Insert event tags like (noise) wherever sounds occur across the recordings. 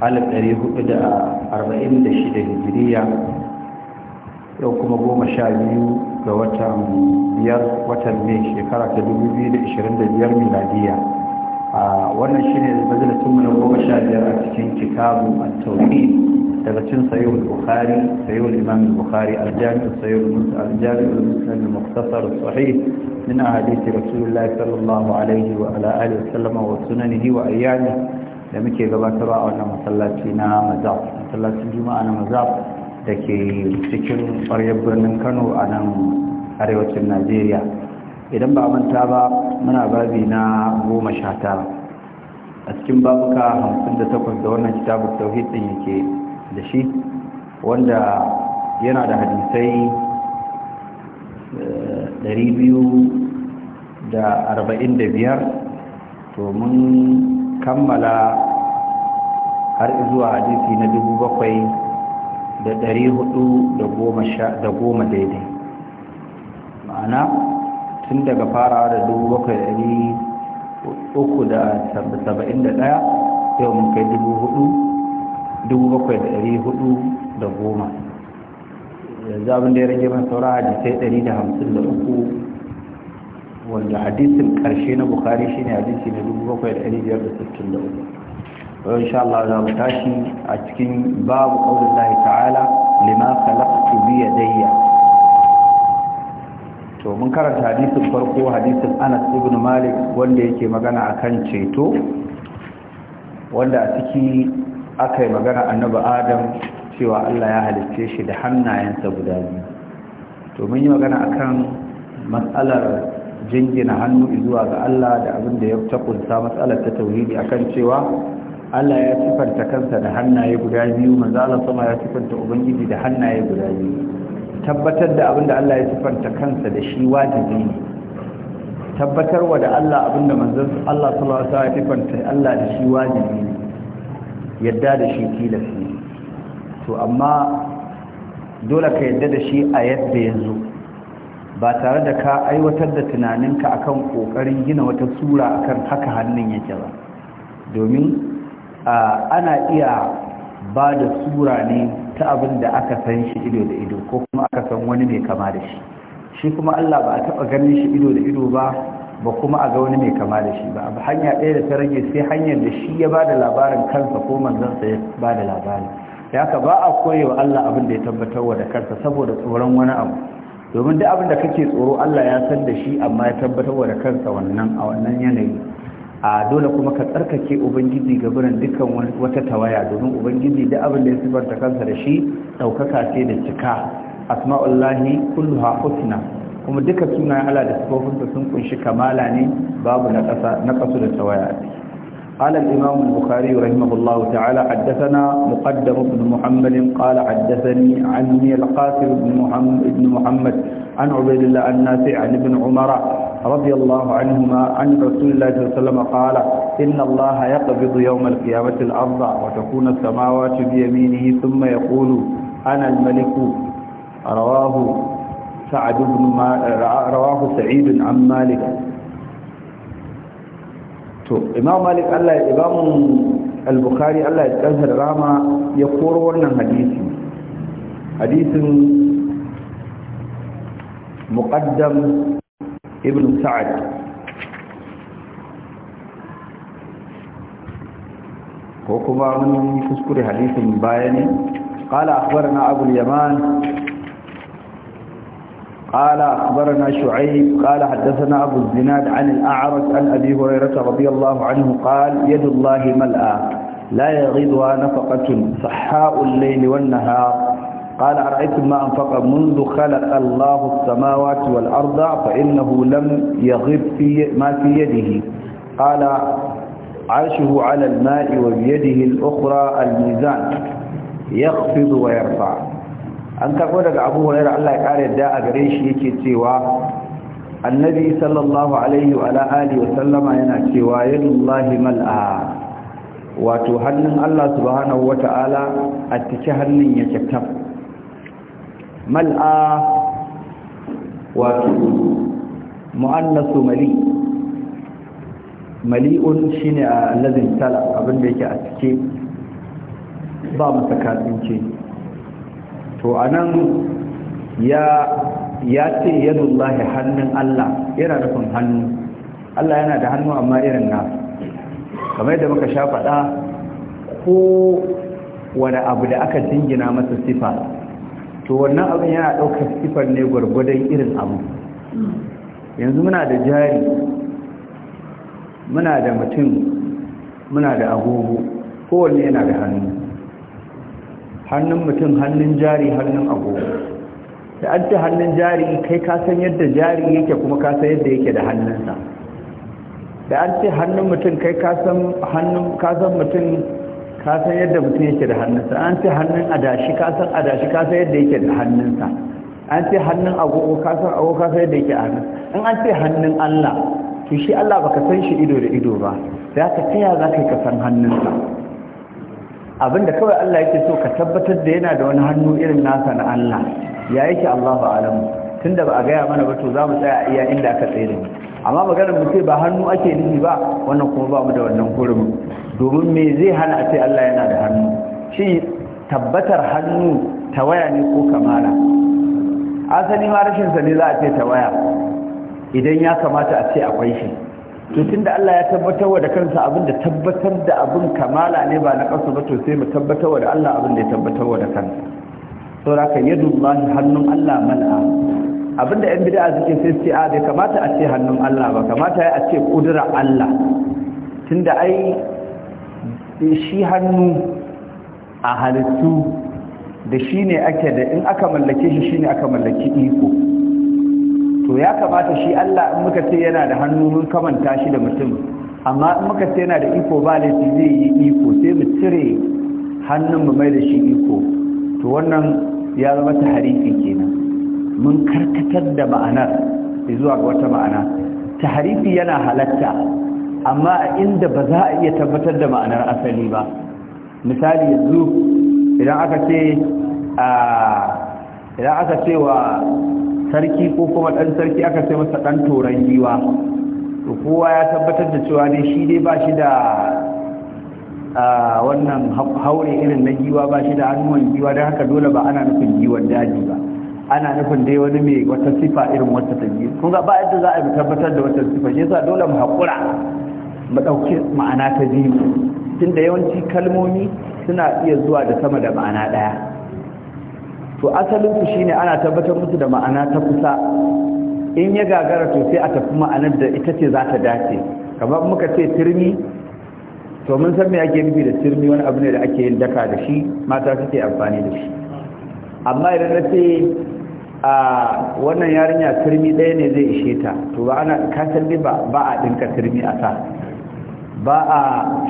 1446 hijiriya yau kuma goma sha biyu ga watan biyar watan mai shekara ta 2025 miladiya a wannan shi ne tun na goma sha biyar a cikin kitabu a tauri. daga cin sayo bukhari sayo imam bukari aljami'ar sayo aljami'u muslim muktasar sahi min ahadith rasulullah sallallahu alaihi wa ala alihi wa sallama wa sunanihi wa ayyani. da muke gabatarwa a wannan masallaci na mazaf masallacin juma'a na mazaf da ke cikin ƙwaryar birnin kano a nan arewacin najeriya idan ba manta ba muna babi na goma sha tara a cikin babuka hamsin da takwas da wannan kitabun tauhid ɗin yake da shi wanda yana da hadisai eh, ɗari biyu da arba'in da biyar to mun kammala har zuwa hadisi na dubu bakwai da dari hudu da goma daidai ma'ana tun daga farawa da dubu bakwai da dari uku da saba'in da ɗaya yau mun kai dubu hudu dubu bakwai da dari hudu da goma yanzu abin da ya rage man saura hadisai dari da hamsin da uku wanda hadisin karshe na bukari shine hadisi na 7563 wa insha Allah za mu tashi a cikin babu lahi ta'ala lima khalaqtu biya yadayya to mun karanta hadisin farko hadisin Anas ibn Malik wanda yake magana a kan ceto wanda a ciki aka yi magana annaba Adam cewa Allah ya halicce shi da hannayensa guda biyu to mun yi magana akan matsalar jingina hannu zuwa ga Allah da abin da ya takunta matsalar ta tauhidi akan cewa Allah ya sifanta kansa da hannaye guda biyu manzo sama ya sifanta ubangiji da hannaye guda biyu tabbatar da abin da Allah ya sifanta kansa da shi wajibi ne wa da Allah abin da manzo Allah sallallahu alaihi wasallam ya sifanta Allah da shi wajibi ne yadda da shi kila ne to amma dole ka yadda da shi a yadda yanzu ba tare da ka aiwatar da tunaninka akan kokarin gina wata sura akan haka hannun yake ba domin ana iya ba da sura ne ta abin da aka san shi ido da ido ko kuma aka san wani mai kama da shi shi kuma Allah ba a taɓa ganin shi ido da ido ba ba kuma a ga wani mai kama da shi ba abu hanya ɗaya da ta rage sai hanyar da shi ya ba da labarin kansa ko manzansa ya ba da labari ya ka ba a koyewa Allah abin da ya tabbatar wa da kansa saboda tsoron wani abu domin duk abin da kake tsoro Allah ya san da shi amma ya tabbatar wa da kansa wannan a wannan yanayi a dole kuma ka tsarkake ubangiji ga biran dukkan wata tawaya domin ubangiji duk abin da ya sifanta kansa da shi ɗaukaka ce da cika asma'ullahi kulluha husna kuma duka sunayen Allah da sifofinsa sun kunshi kamala ne babu na ƙasa da tawaya قال الإمام البخاري رحمه الله تعالى حدثنا مقدم بن محمد قال حدثني عني القاسم بن محمد, بن محمد عن عبيد الله النافع عن ابن عمر رضي الله عنهما عن رسول الله صلى الله عليه وسلم قال إن الله يقبض يوم القيامة الأرض وتكون السماوات بيمينه ثم يقول أنا الملك رواه سعد بن ما رواه سعيد عن مالك to imam malik allah ya imam al-bukhari allah ya kansa da rama ya koro wannan hadisi hadisin muqaddam ibn sa'ad ko kuma mun kuskure hadisin bayani qala akhbarana abul yaman قال أخبرنا شعيب قال حدثنا أبو الزناد عن الأعرج عن أبي هريرة رضي الله عنه قال يد الله ملأى لا يغيضها نفقة صحاء الليل والنهار قال أرأيتم ما أنفق منذ خلق الله السماوات والأرض فإنه لم يغب في ما في يده قال عرشه على الماء وبيده الأخرى الميزان يخفض ويرفع an karbo daga abu hurairah Allah ya kare yadda a gare shi yake cewa annabi sallallahu alaihi wa alihi wa sallama yana cewa yadullahi mal'a wato hannun Allah subhanahu Ta'ala a cike hannun yake taf mal'a wato mu'annasu mali mali'un shi ne a lazin tala abinda yake a cike ba masa kasance to anan ya ya ce yadullahi hannun Allah yana nufin hannu Allah yana da hannu amma irin na kamar da muka sha faɗa ko wani abu da aka jingina masa sifa to wannan abin yana ɗaukar sifar ne gwargwadon irin abu yanzu muna da jari muna da mutum muna da agogo kowanne yana da hannu hannun mutum hannun jari hannun agogo da an ce hannun jari kai ka san yadda jari yake kuma ka san yadda yake da hannunsa da an ce hannun mutum kai ka san hannun ka san mutum ka san yadda mutum yake da hannunsa an ce hannun adashi ka san adashi ka san yadda yake da hannunsa an ce hannun agogo ka san agogo ka san yadda yake a hannun in an ce hannun Allah to shi Allah baka san shi ido da ido ba da ka taya za ka yi ka san hannunsa Abin da kawai Allah yake so ka tabbatar da yana da wani hannu irin nasa na Allah ya yake Allahu alamu. tunda ba a gaya mana ba to za mu tsaya iya inda aka tsere. amma maganar mu ce ba hannu ake nufi ba wannan kuma ba mu da wannan mu. domin me zai hana a ce Allah yana da hannu shi tabbatar hannu ta waya ne ko kamala asali ma rashin sa ne za a ce waya idan ya kamata a ce akwai shi to tunda Allah ya tabbatar da kansa abin da tabbatar da abin kamala ne ba na kasu ba to sai mu tabbatar da Allah abin da ya tabbatar da kansa yadu Allah hannun Allah mal'a da yan bid'a suke sai sai a bai kamata a ce hannun Allah ba kamata ya a ce kudura Allah tunda ai shi hannu a halittu da shi ne ake da in aka mallake shi shi ne aka mallaki iko to ya kamata shi Allah in muka ce yana da hannu mun kamanta shi da mutum amma in muka ce yana da iko ba laifi zai yi iko sai mu cire hannun mu mai da shi iko to wannan ya zama ta harifi kenan mun karkatar da ma'anar zuwa ga wata ma'ana ta harifi yana halatta amma a inda ba za a iya tabbatar da ma'anar asali ba misali yanzu idan aka ce idan aka ce wa sarki ko kuma ɗan sarki aka sai masa ɗan toron giwa to kowa ya tabbatar da cewa dai shi dai ba shi da wannan haure irin na giwa ba shi da hannuwan giwa don haka dole ba ana nufin giwan daji ba ana nufin dai wani mai wata sifa irin wata ta giwa kun ga ba yadda za a tabbatar da wata sifa shi yasa dole mu haƙura mu ɗauki ma'ana ta biyu tunda yawanci kalmomi suna iya zuwa da sama da ma'ana ɗaya to asalinsu shine ana tabbatar musu da ma'ana ta kusa in ya gagara to sai a tafi ma'anar da ita ce za ta dace kamar muka ce turmi to mun san me ake nufi da turmi wani abu ne da ake yin daka da shi mata suke amfani da shi amma idan na ce a wannan yarinya turmi ɗaya ne zai ishe ta to ba ana kasar ba ba a ɗinka turmi a ta, ba a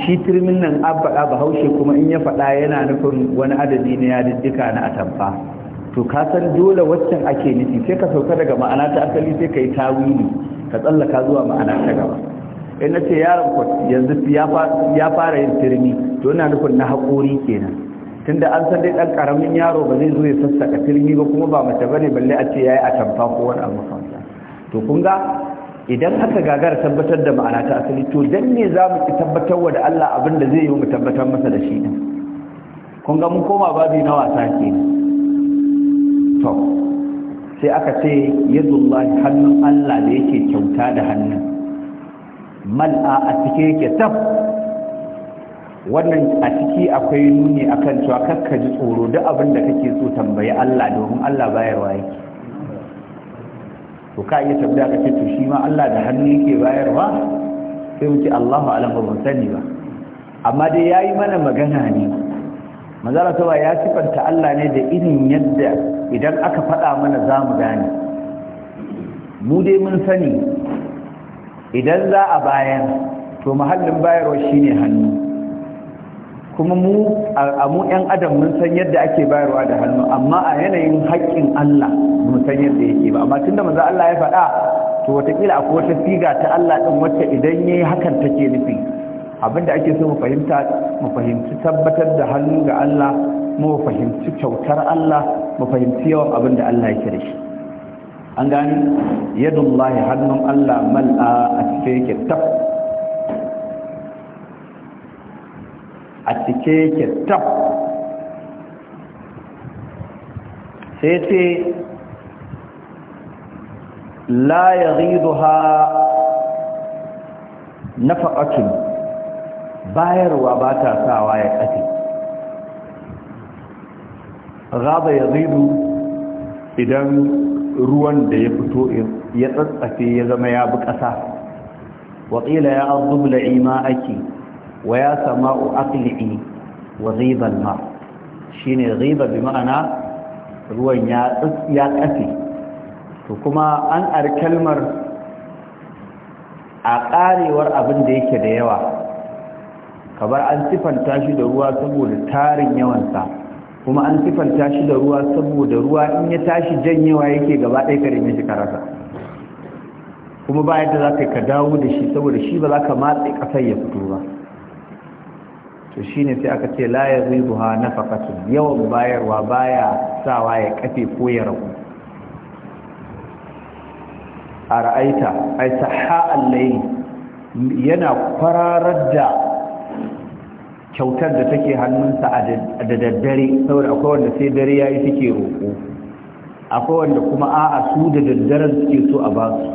shi turmin nan an faɗa bahaushe kuma in ya faɗa yana nufin wani adadi na yadiddika na atamfa to ka san dole waccan ake nufi sai ka sauka daga ma'ana ta asali sai ka yi tawili ka tsallaka zuwa ma'ana ta gaba in na ce yaron ku yanzu ya fara yin turmi to ina nufin na haƙori kenan tunda an san dai ɗan ƙaramin yaro ba zai zo ya sassaka turmi ba kuma ba mace bane balle a ce yayi atamfa ko wani abu to kun ga idan aka gagara tabbatar da ma'ana ta asali to dan ne za mu ki tabbatar wa da Allah abin da zai yi mu tabbatar masa da shi din kun ga mun koma babi na wasa kenan to sai aka ce yadullahi hannun Allah da yake kyauta da hannun mal'a a cike yake tab wannan a ciki akwai nuni akan cewa kakka ji tsoro duk abin da kake so tambayi Allah domin Allah bayarwa yake to ka iya tabbata ka ce to shi ma Allah da hannu yake bayarwa sai mu ce Allahu alam ba sani ba amma dai yayi mana magana ne manzara tawa ya sifanta Allah ne da irin yadda idan aka faɗa mana za mu gane mu dai mun sani idan za a bayan to mahallin bayarwa shine hannu kuma mu a mu 'yan adam mun san yadda ake bayarwa da hannu amma a yanayin haƙƙin Allah mun san yadda yake ba amma tunda maza Allah ya faɗa to watakila akwai wata siga ta Allah din wacce idan yayi hakan take nufi abinda ake so mu fahimta mu fahimci tabbatar da hannu ga Allah mu fahimci kyautar Allah mu fahimci yawan abin da Allah yake da shi an gani yadullahi hannun Allah mal'a a cike yake taf a cike yake taf sai ce la yaghiduha nafaqatun bayarwa ba ta sawa ya kace gaba ya zidu idan ruwan da ya fito ya tsatsafe ya zama ya bi ƙasa waƙila ya azubla ima ake wa ya sama'u aqli'i wa zibal ma Shi ne ziba bi ma'ana ruwan ya ya to kuma an ar kalmar a karewar abin da yake da yawa kabar an sifanta shi da ruwa saboda tarin yawansa kuma an sifanta shi da ruwa saboda ruwa in ya tashi janyewa yake gaba ɗaya ka shi karasa kuma ba yadda za ka yi ka dawo da shi saboda shi ba za ka matse ƙasar ya fito ba to shi ne sai aka ce la zai buha na faƙatun yawan bayarwa baya sawa ya kafe ko ya ragu a ra'aita a saha'an ha'allai yana kwararar da kyautar da take hannunsa da daddare saboda akwai wanda sai dare ya yi suke roƙo akwai wanda kuma a'a su da daddaren suke so a ba su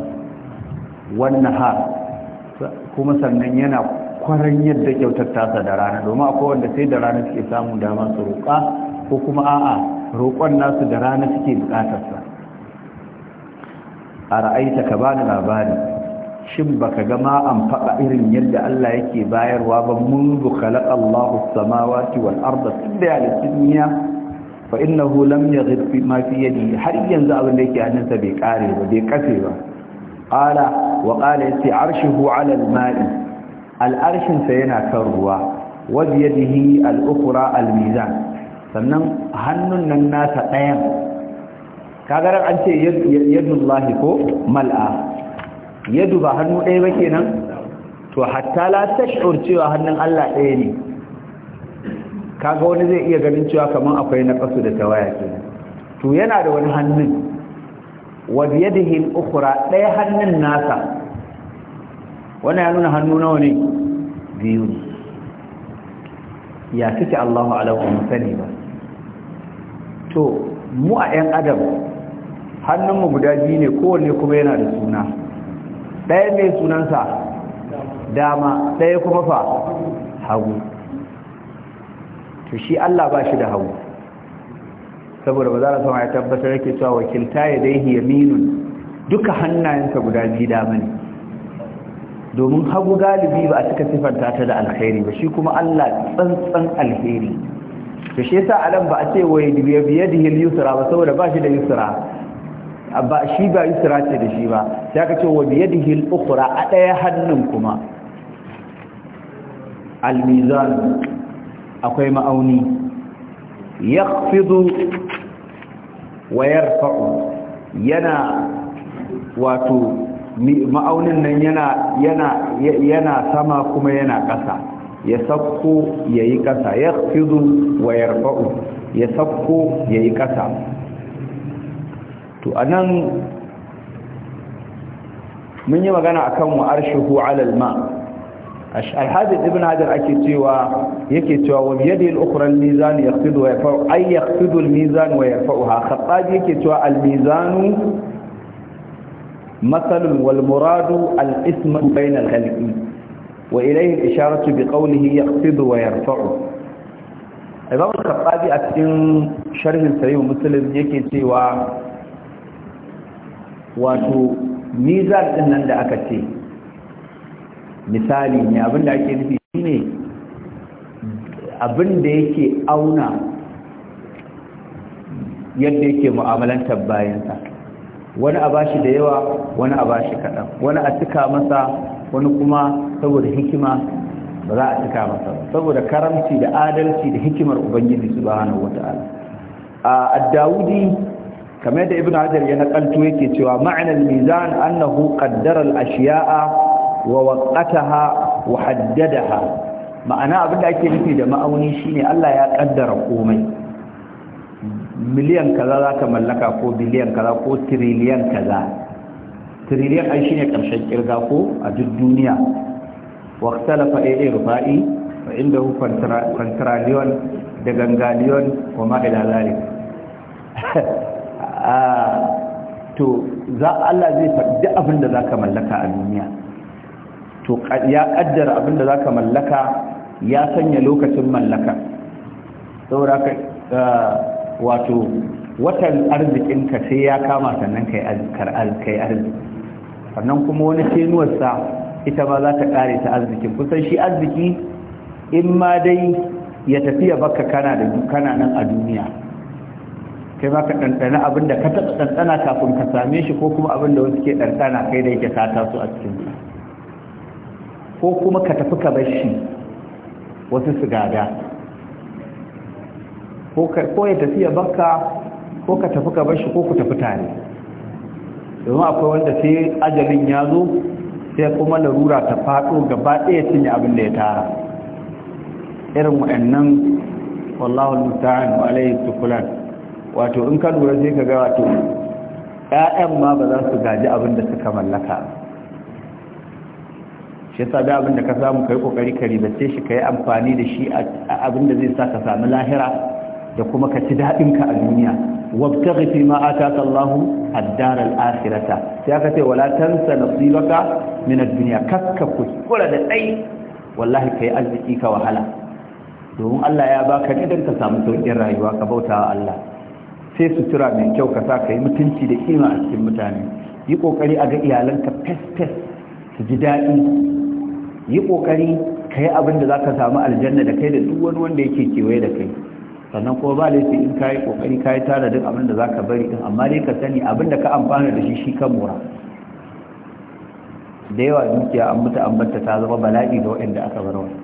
wannan har kuma sannan yana kwaran yadda kyautar tasa da rana domin akwai wanda sai da rana suke samun dama su roƙa ko kuma a'a roƙon nasu da rana suke buƙatarsa a ta ka bani labari shin baka ga ma an faɗa irin yadda Allah yake bayarwa ba mundu khalaqa Allahu samawati wal arda tunda ya duniya fa innahu lam yaghir fi ma fi yadi har yanzu abin da yake hannunsa bai kare ba bai kafe ba qala wa qala yati arshuhu ala al ma'i al arshin sa yana kan ruwa wa bi yadihi al ukhra al mizan sannan hannun nan nasa ɗayan kagarar an ce yadullahi ko mal'a yadu ba hannu ɗaya ba kenan to hatta la tash'ur cewa hannun Allah ɗaya ne kaga wani zai iya ganin cewa kaman akwai na kasu da tawaya kenan to yana da wani hannun wa biyadihi al-ukhra ɗaya hannun nasa wannan ya nuna hannu nawa ne biyu ya kike Allahu alaihi sani ba to mu a 'yan adam hannunmu guda biyu ne kowanne kuma yana da suna ɗaya mai sunansa dama ɗaya kuma fa hagu to shi Allah ba shi da hagu saboda ba za a sama ya tabbatar yake cewa wakilta ya daihi minun duka hannayensa guda biyu dama ne domin hagu galibi ba a cika siffanta ta da alheri ba shi kuma Allah tsantsan alheri to shi yasa alam ba a ce wa biye biyar da yusra ba saboda ba shi da yusra ba shi ba isra ce da shi ba sai aka ce wa biyadihi al-ukhra a daya hannun kuma al-mizan akwai ma'auni yakhfidu wa yarfa'u yana wato ma'aunin nan yana yana yana sama kuma yana ƙasa ya sakko yayi ƙasa yakhfidu wa yarfa'u ya sakko yayi ƙasa to a nan mun yi magana a kan wa'arshihu alalma alhajji ibn hajar ake cewa yake cewa wa biyadi al'ukurar mizanu ya fi wa ya fa'u ai ya fi mizanu wa ya fa'u ha khattabi yake cewa al-mizanu matsalin walmuradu al-ismatu bainal halki wa ilayhin isharatu bi qawlihi yaqtidu wa yarfa'u imam al-khattabi a cikin sharhin sahih muslim yake cewa wato mizan din nan da aka ce misali ne abinda ake nufi shine abinda yake auna yadda yake mu'amalantar bayansa wani a bashi da yawa wani a bashi kaɗan wani a cika masa wani kuma saboda hikima ba za a cika masa ba saboda karamci da adalci da hikimar ubangiji subhanahu wata'ala a daudi kamar yadda ibn hajar ya nakalto yake cewa ma'anar mizan annahu qaddara al-ashiya'a wa waqataha wa haddadaha ma'ana abinda ake nufi da ma'auni shine Allah ya kaddara komai miliyan kaza zaka mallaka ko biliyan kaza ko triliyan kaza triliyan ai shine karshen kirga ko a duk duniya wa ikhtalafa ayi rufa'i fa indahu kwantraliyon da gangaliyon wa ma ila zalik (laughs) to za Allah zai faɗi abin da ka mallaka a duniya to ya kaddara abin da ka mallaka ya sanya lokacin mallaka saboda ka wato watan arzikinka sai ya kama sannan kai arziki sannan kuma wani tenuwarsa ita ma za ta kare ta arzikin kusan shi arziki in ma dai ya tafiya baka kana da kana nan a duniya kai ma ka ɗanɗana abin da ka taɓa ɗanɗana kafin ka same shi ko kuma abin da wasu ke ɗanɗana kai da yake sata su a cikin ko kuma ka tafi ka bar shi wasu su gada ko ya tafi ya baka ko ka tafi ka bar shi ko ku tafi tare domin akwai wanda sai ajalin ya zo sai kuma larura ta faɗo gaba ɗaya cinye abin da ya tara irin wa'annan wallahu ta'ala wa alayhi tukulan wato in ka lura sai ka ga wato ƴaƴan ma ba za su gaji abin da suka mallaka shi yasa da abin da ka samu kai kokari ka ribace shi kai amfani da shi a abin da zai sa ka samu lahira da kuma ka ci daɗin ka a duniya wabtaghi fi ma ataka Allah ad-dar al-akhirata sai aka ce wala tansa nasibaka min ad-dunya kaska kuskura da dai wallahi kai arziki ka wahala domin Allah ya baka idan ka samu sauƙin rayuwa ka bauta wa Allah sai sutura mai kyau ka sa ka yi mutunci da kima a cikin mutane yi kokari a ga iyalanka fes-fes su ji daɗi yi kokari ka yi abin da za ka samu aljanna da kai da duk wani wanda yake kewaye da kai sannan kuma ba laifi in ka yi kokari ka yi tara duk abin da za ka bari din amma dai ka sani abin da ka amfana da shi shi ka mura da yawa dukiya an mutu an ta zama bala'i ga waɗanda aka bar wani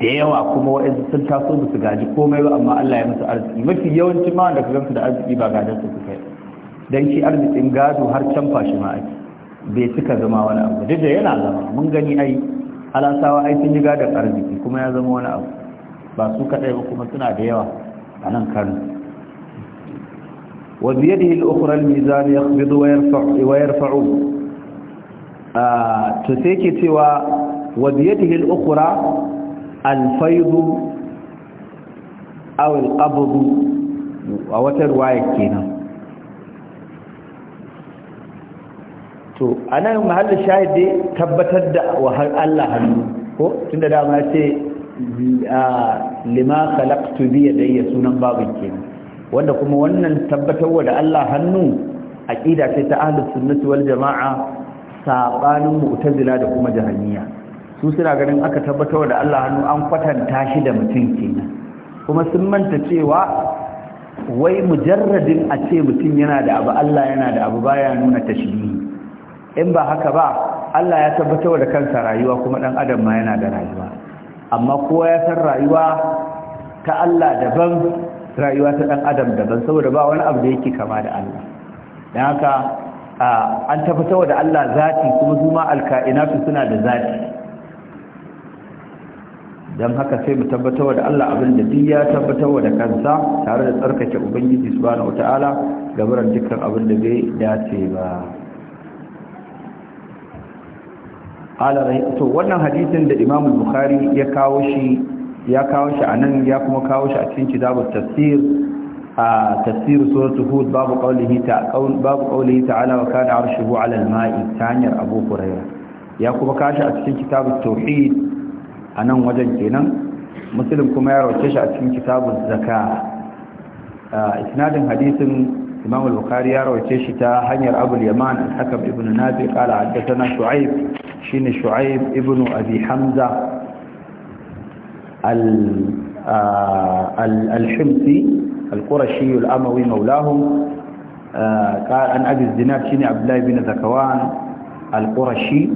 da yawa kuma wa'azu sun taso musu gaji komai ba amma Allah ya musu arziki mafi yawancin ma da kagansu da arziki ba gadon su suka yi dan shi arzikin gado har can fashi ma ake bai suka zama wani abu duk da yana zama mun gani ai alasawa ai sun yi gadon arziki kuma ya zama wani abu ba su kaɗai ba kuma suna da yawa a nan kano wa biyadihi al-ukhra al-mizan yakhbidu wa yarfa'u wa yarfa'u ah, to sai ke cewa wa biyadihi al-ukhra alfaidu awil qabdu a wata ruwaya kenan to anan mahallin shahidi tabbatar da wa Allah hannu ko tunda dama ce ah, lima khalaqtu bi yadayya sunan babin kenan wanda kuma wannan tabbatarwa da Allah hannu aqida ce ta ahlus sunnati wal jamaa sabanin mu'tazila da kuma jahanniya. su suna ganin aka tabbatar da Allah hannu an kwatanta shi da mutum kenan kuma sun manta cewa wai mujarradin a ce mutum yana da abu Allah yana da abu baya nuna tashbihi in ba haka ba Allah ya tabbatar da kansa rayuwa kuma dan adam ma yana da rayuwa amma kowa ya san rayuwa ta Allah daban rayuwa ta dan adam daban saboda ba wani abu da yake kama da Allah dan haka an tabbatar da Allah zati kuma su ma alka'inatu suna da zati don haka sai mu tabbatar da Allah abin da duk ya tabbatar da kansa tare da tsarkake ubangiji subhanahu wataala gabaran dukkan abin da bai dace ba ala to wannan hadisin da Imam Bukhari ya kawo shi ya kawo shi anan ya kuma kawo shi a cikin kitabut tafsir a tafsir suratul hud babu qawlihi ta babu qawlihi ta'ala wa kana arshuhu 'ala al-ma'i ta hanyar Abu Hurairah ya kuma kashi a cikin kitabut tauhid a nan wajen kenan musulun kuma ya rauce shi a cikin kitabun zaka isnadin hadisin imam al-bukhari ya rauce shi ta hanyar abu yaman al-hakam ibn nabi qala haddathana shu'aib shine shu'aib ibn abi hamza al-himsi al al-qurashi al-amawi mawlahum قال عن أبي الزناد شيني عبد الله بن ذكوان القرشي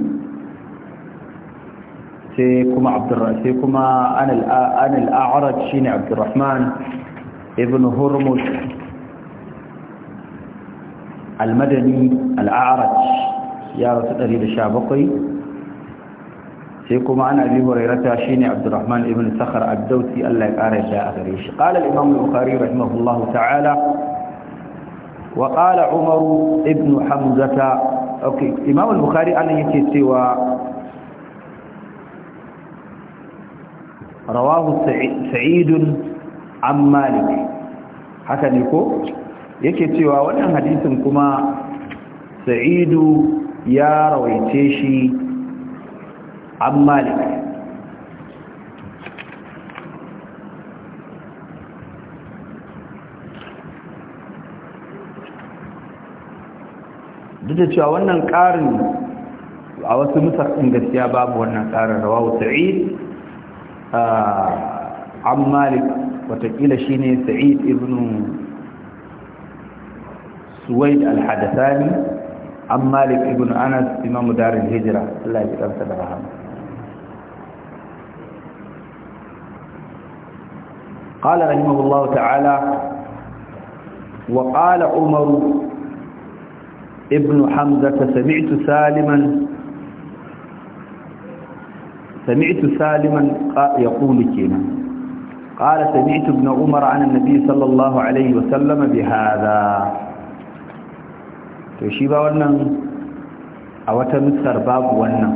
sai kuma sai kuma anil a'arad shine abdurrahman ibn hurmuz almadani al'arad ya rasu 117 sai kuma an abi hurairata shine abdurrahman ibn sakhar ad-dawsi Allah ya kare da a gare shi qala al-imam al-bukhari rahimahullahu ta'ala وقال عمر ابن حمزة أوكي إمام البخاري أنا يكي سوى rawahu sa'idun an haka ne ko yake cewa wannan hadisin kuma sa'idu ya rawaice shi an malik duk da cewa wannan karin a wasu ɗin gaskiya babu wannan ƙarin rawahu sa'id an malik watakila shi ne sa'id ibn suwaid al-hadathani an malik ibn anas imamu darin hijira Allah ya ɗansa da rahama قال رحمه الله تعالى وقال عمر ابن حمزة سمعت سالما سمعت سالما يقول kenan قال سمعت ابن عمر عن النبي صلى الله عليه وسلم بهذا تشيبا ونن shi ba باب ونن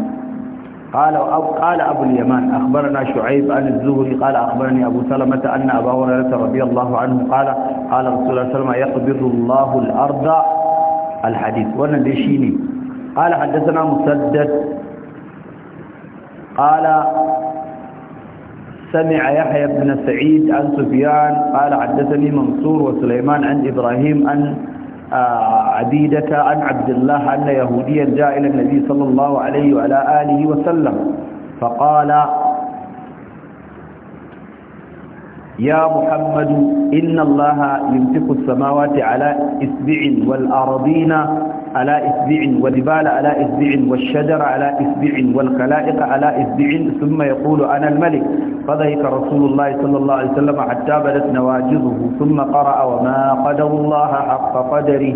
قال أو قال أبو اليمان أخبرنا شعيب عن الزهري قال أخبرني أبو سلمة أن أبا هريرة رضي الله عنه قال قال رسول الله صلى الله عليه وسلم يقبض الله الأرض الحديث وانا ديشيني قال حدثنا مسدد قال سمع يحيى بن سعيد عن سفيان قال حدثني منصور وسليمان عن إبراهيم عن آه، عبيدة عن عبد الله أن يهوديا جاء إلى النبي صلى الله عليه وعلى آله وسلم فقال يا محمد إن الله يمسك السماوات على إسبع والأرضين على إسبع والجبال على إسبع والشجر على إسبع والخلائق على إسبع ثم يقول أنا الملك فضحك رسول الله صلى الله عليه وسلم حتى بدت نواجذه ثم قرأ وما قدر الله حق قدره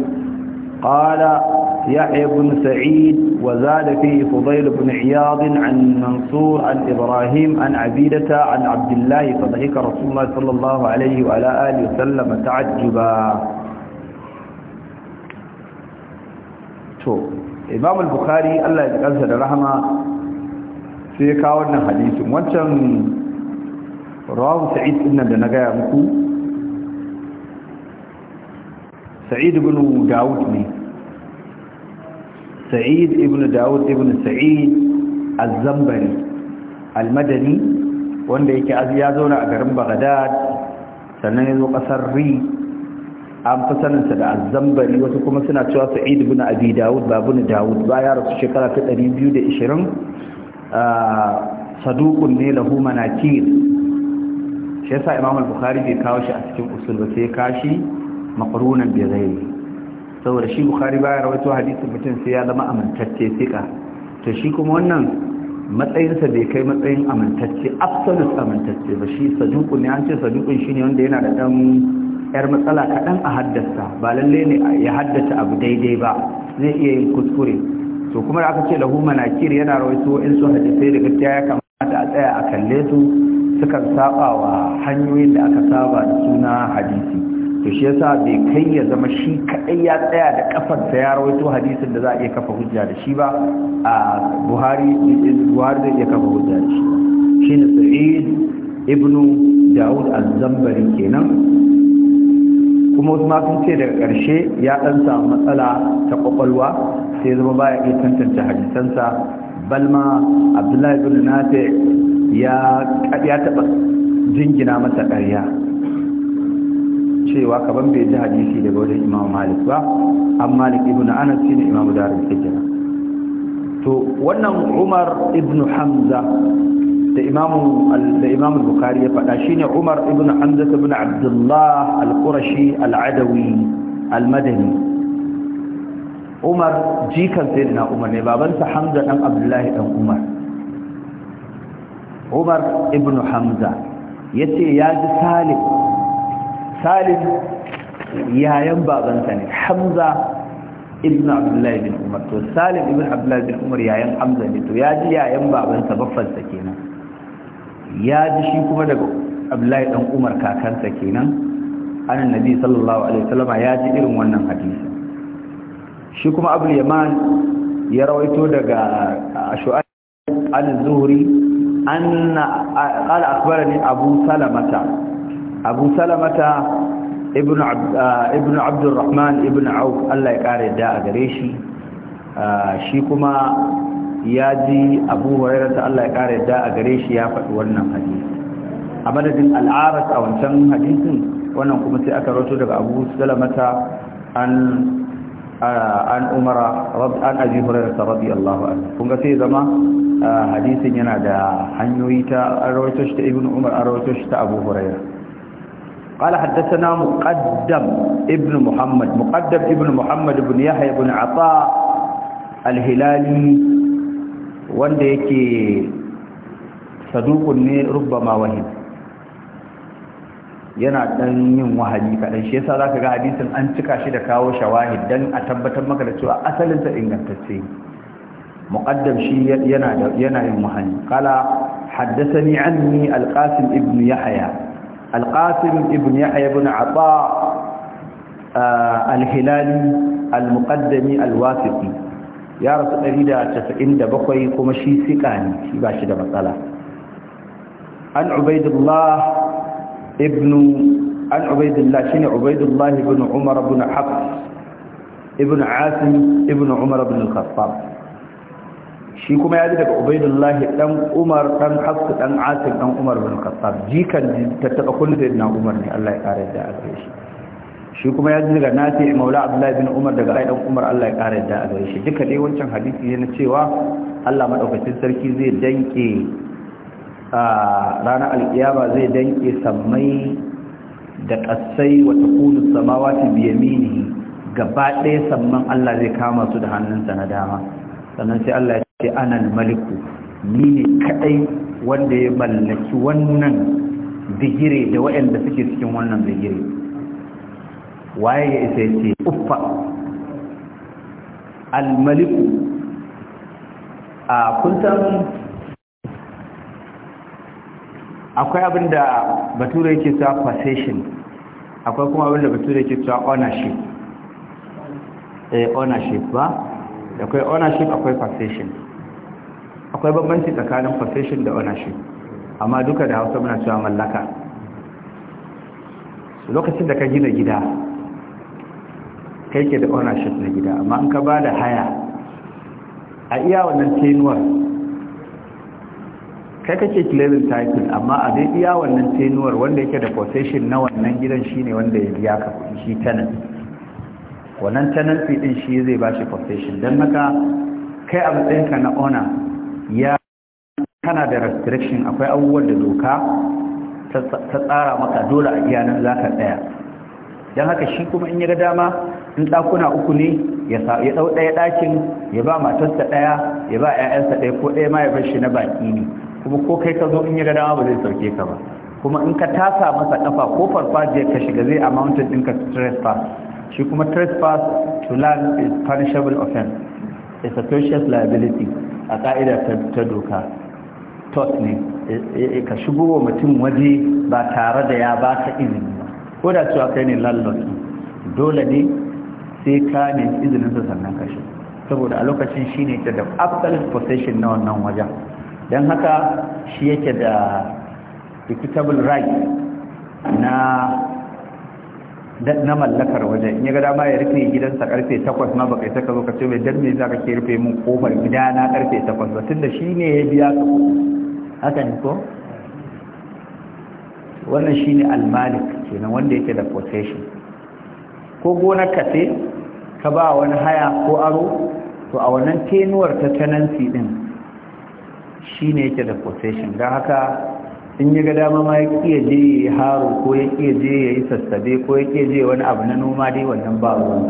قال يحيى بن سعيد وزاد فيه فضيل بن عياض عن منصور عن إبراهيم عن عبيدة عن عبد الله فضحك رسول الله صلى الله عليه وعلى آله وسلم تعجبا to imam al-bukhari Allah ya kansa da rahama sai ya kawo wannan hadisin wancan rawu sa'id ibn da na gaya muku sa'id ibn daud ne sa'id ibn daud ibn sa'id az-zambari al-madani wanda yake az ya zauna a garin baghdad sannan ya zo kasar ri an fi saninsa da azambari wasu kuma suna cewa sa'id ibn abi dawud ba ibn dawud ba ya rasu shekara ta 220 ah, Sadukun ne lahu manakir shi yasa imam al-bukhari bai kawo shi a cikin usul ba sai kashi makarunan bai zai saboda shi bukhari baya rawaito hadisin mutum sai ya zama amintacce sika to shi kuma wannan matsayinsa bai kai matsayin amintacce absolute amintacce ba shi saduku ne an ce sadukun shi ne wanda yana da ɗan yar matsala kaɗan a haddasa ba lalle ne ya haddasa abu daidai ba zai iya yin kuskure to kuma da aka ce lahu manakir yana rawaito in su hadisai da gaskiya ya kamata a tsaya a kalle su sukan saba wa hanyoyin da aka saba da suna hadisi to shi yasa bai kai ya zama shi kaɗai ya tsaya da kafarsa ya rawaito hadisin da za a iya kafa hujja da shi ba a buhari buhari zai iya kafa hujja da shi ne sa'id ibnu daud az-zambari kenan kuma wasu ma sun ce daga ƙarshe ya ɗan samu matsala ta ƙwaƙwalwa sai zama baya iya tantance hadisansa balma abdullahi bin nafi ya taɓa jingina masa ƙarya cewa kaban bai ji hadisi daga wajen imam malik ba an malik ibn anas shine imam darul hijra to wannan umar ibn hamza da imamu bukari ya faɗa shine umar ibn hamza ibn abdullah al-qurashi al-adawi al-madani umar jikan sayyidina umar ne babansa hamza ɗan abdullahi ɗan umar umar ibn hamza ya ce ya ji salim salim yayan babansa ne hamza ibn abdullahi bin umar to salim ibn abdullahi bin umar yayan hamza ne to ya ji yayan babansa baffansa kenan ya ji shi kuma daga abdullahi dan umar kakansa kenan anan nabi sallallahu alaihi wasallam ya ji irin wannan hadisi shi kuma abul yaman ya rawaito daga shu'aib al-zuhri anna qala akhbarani abu salamata abu salamata ibn ibn abdurrahman ibn auf Allah ya kare da a gare shi shi kuma ya ji abu hurairar ta Allah ya kare da a gare shi ya faɗi wannan hadisi a madadin al'aras a wancan hadisin wannan kuma sai aka rawaito daga abu salamata an an umara an abi hurairar ta radiyallahu anhu kun ga sai zama hadisin yana da hanyoyi ta rawaito shi ta ibn umar rawaito shi ta abu hurairar قال حدثنا مقدم ابن محمد مقدم ابن محمد بن يحيى بن عطاء الهلالي wanda yake sadukun ne ma wahim yana dan yin wahayi kaɗan shi yasa zaka ga hadisin an cika shi da kawo shawahi dan a tabbatar maka da cewa asalin ta ingantacce muqaddam shi yana yana yin wahayi kala haddathani anni alqasim ibn yahya alqasim ibn yahya ibn ata alhilali almuqaddami alwasiti ya rasu 197 kuma shi siƙa ne shi ba shi da matsala an ubaidullah ibn an ubaidullah shine ubaidullah ibn umar ibn hafs ibn asim ibn umar ibn al-khattab shi kuma ya ji daga ubaidullah dan umar dan hafs dan asim dan umar ibn al-khattab jikan tattaba kullu da na umar ne Allah ya kare da alheri shi kuma ya ji na ce, maula abdullahi bin umar daga aidan umar allah ya kara yadda a gare shi duka dai wancan hadisi yana cewa allah maɗaukacin sarki zai danke a ranar alkiyama zai danke sammai da ƙasai wata kudu samawati biyamini gaba ɗaya samman allah zai kama su da hannunsa na dama sannan sai allah ya ce anan maliku ni ne kaɗai wanda ya mallaki wannan bigire da waɗanda suke cikin wannan bigire waye ya isa ce uffa almaliku a kuntan akwai abinda bature yake ta possession akwai kuma abinda bature yake ta ownership eh ownership ba akwai ownership akwai possession akwai bambanci tsakanin possession da ownership amma duka da hausa muna cewa mallaka lokacin da ka gina gida kai ke da ownership na gida amma in ka ba da haya a iya wannan tenuwar kai kake claiming title amma a dai iya wannan tenuwar wanda yake da possession na wannan gidan shine wanda ya biya ka kuɗi shi tenant wannan tenant din shi zai ba shi possession don haka kai a matsayinka na owner ya kana da restriction akwai abubuwan da doka ta tsara maka dole a iyanan za ka tsaya don haka shi kuma in ya ga dama in ɗakuna uku ne ya ɗau ɗaya ɗakin ya ba matarsa ɗaya ya ba 'ya'yansa ɗaya ko ɗaya ma ya bar shi na baƙi ne kuma ko kai ka zo in yi dama ba zai sauke ka ba kuma in ka tasa masa ƙafa ko farfajiyar ka shiga zai amounted ɗinka trespass shi kuma trespass to land is punishable offense is a tortious liability a ƙa'idar ta doka tot ne e, e, e, ka shigo wa mutum waje ba tare da ya ba ka izini ba ko da cewa kai ne landlord dole ne sai ka ne izinin sa sannan kashi saboda a lokacin shi ne da absolute possession na wannan wajen don haka shi yake da equitable right na na mallakar waje in ya ga dama ya rufe gidansa karfe 8 na bakai saka lokacin mai dan me zaka ke rufe mun kofar na karfe 8 ba tunda shine ya biya ka kuɗi haka ne ko wannan shine al-malik kenan wanda yake da possession ko gonar ka ka ba wani haya ko aro to a wannan tenuwar ta tenancy din shine yake da possession don haka in yi ga dama ma ya iya je ya haro ko ya je ya yi sassabe ko ya je wani abu na noma dai wannan ba ruwan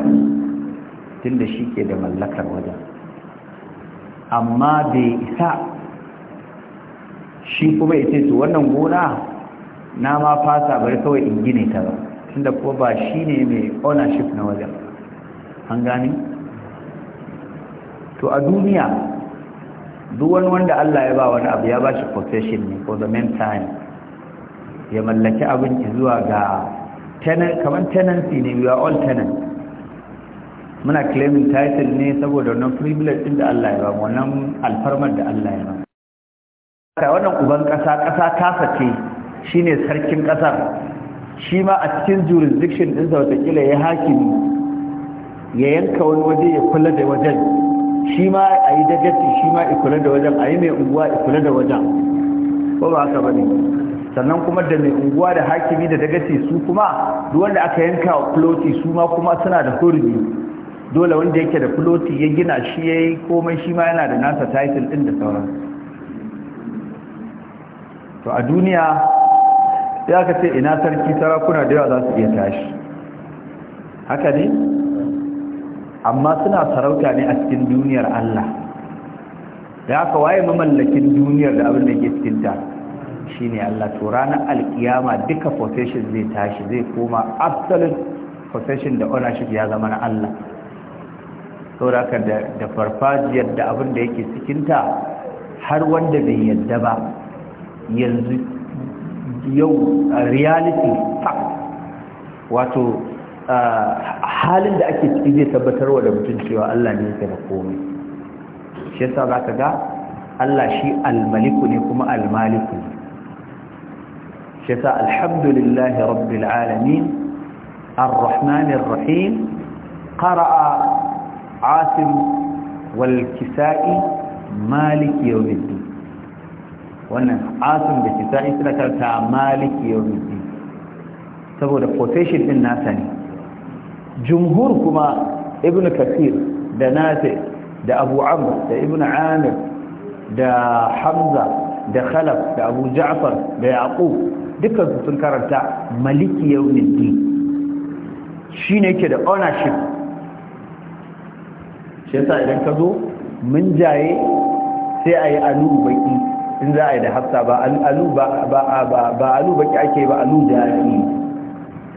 tun da shi ke da mallakar wajen amma bai isa shi kuma ya ce su wannan gona na ma fasa bari kawai in gine ta ba tunda kuma ba shi ne mai ownership na wajen an gani to a duniya duk wani wanda Allah ya ba wani abu ya ba shi possession ne for the time" ya mallaki abinci zuwa ga tenant kamar tenancy ne we are all tenants muna claiming title ne saboda wannan privilege din da Allah ya ba mu wannan alfarmar da Allah ya ba ka wannan uban kasa kasa ta sace shine sarkin kasar shi ma a cikin jurisdiction din sa wata kila ya hakimi ya yanka wani waje ya kula da wajen shi ma a yi dagaci shi ma ya kula da wajen a yi mai unguwa ya kula da wajen ko ba haka ba ne sannan kuma da mai unguwa da hakimi da dagaci su kuma duk wanda aka yanka wa filoti su ma kuma suna da hurbi dole wanda yake da filoti ya gina shi ya yi komai shi ma yana da nasa title din da sauran to a duniya ya ka ce ina sarki sarakuna da yawa za su iya tashi haka ne amma suna sarauta ne a cikin duniyar Allah da aka waye mamallakin duniyar da abin da ke cikinta shi ne Allah to ranar alkiyama duka possession zai tashi zai koma absolute possession da ownership ya zama na Allah sauraka da farfajiyar da abin da yake cikin ta har wanda bai yadda ba yanzu yau reality fact wato halin da ake ciki zai wa da mutum cewa Allah ne yake da komai shi yasa zaka ga Allah shi almaliku ne kuma almaliku ne shi yasa alhamdulillahi rabbil alamin arrahmanir rahim qara'a asim wal kisai maliki yawmiddin wannan asim da kisai suna karanta maliki yawmiddin saboda quotation din nasa ne jumhur kuma ibn kathir da nafi da abu amr da ibn amir da hamza da khalaf da abu ja'far da yaqub dukkan su sun karanta maliki yawmiddin shine yake da ownership shi yasa idan ka zo mun jaye sai ayi alu baki in za a yi da hafsa ba alu ba alu baki ake ba alu da ake